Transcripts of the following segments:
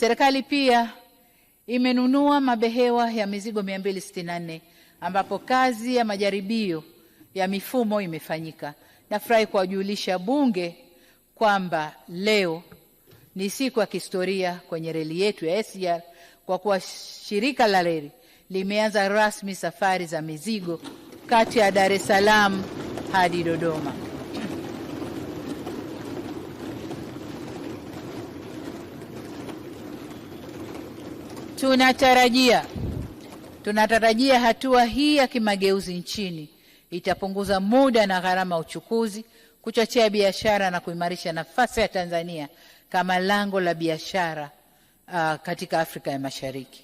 Serikali pia imenunua mabehewa ya mizigo 264 ambapo kazi ya majaribio ya mifumo imefanyika. Nafurahi kuwajulisha Bunge kwamba leo ni siku ya kihistoria kwenye reli yetu ya SGR kwa kuwa shirika la reli limeanza rasmi safari za mizigo kati ya Dar es Salaam hadi Dodoma. Tunatarajia tunatarajia hatua hii ya kimageuzi nchini itapunguza muda na gharama ya uchukuzi, kuchochea biashara na kuimarisha nafasi ya Tanzania kama lango la biashara uh, katika Afrika ya Mashariki.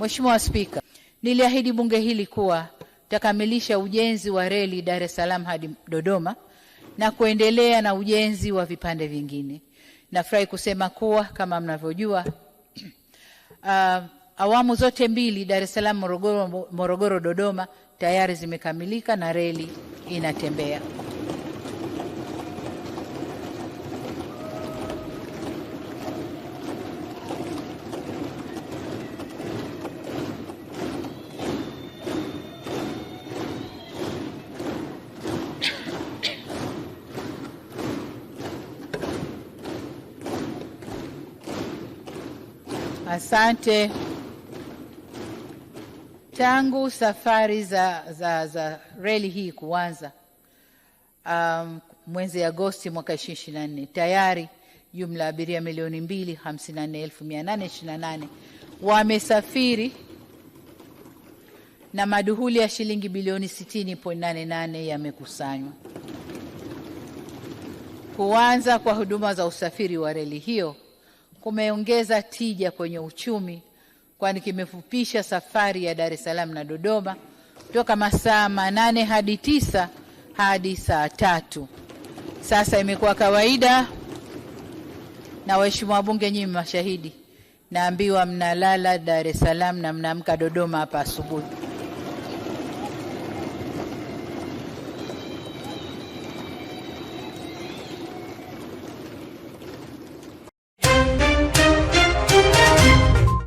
Mheshimiwa Spika, niliahidi bunge hili kuwa takamilisha ujenzi wa reli Dar es Salaam hadi Dodoma na kuendelea na ujenzi wa vipande vingine. Nafurahi kusema kuwa kama mnavyojua Uh, awamu zote mbili Dar es Salaam, Morogoro, Morogoro, Dodoma tayari zimekamilika na reli inatembea. Asante. Tangu safari za, za, za reli hii kuanza um, mwezi Agosti mwaka 2024 tayari jumla ya abiria milioni 254,828 wamesafiri na maduhuli ya shilingi bilioni 60.88 yamekusanywa. Kuanza kwa huduma za usafiri wa reli hiyo kumeongeza tija kwenye uchumi, kwani kimefupisha safari ya Dar es Salaam na Dodoma toka masaa manane hadi tisa hadi saa tatu. Sasa imekuwa kawaida, na waheshimiwa wabunge, nyinyi mashahidi, naambiwa mnalala Dar es Salaam na mnaamka Dodoma hapa asubuhi.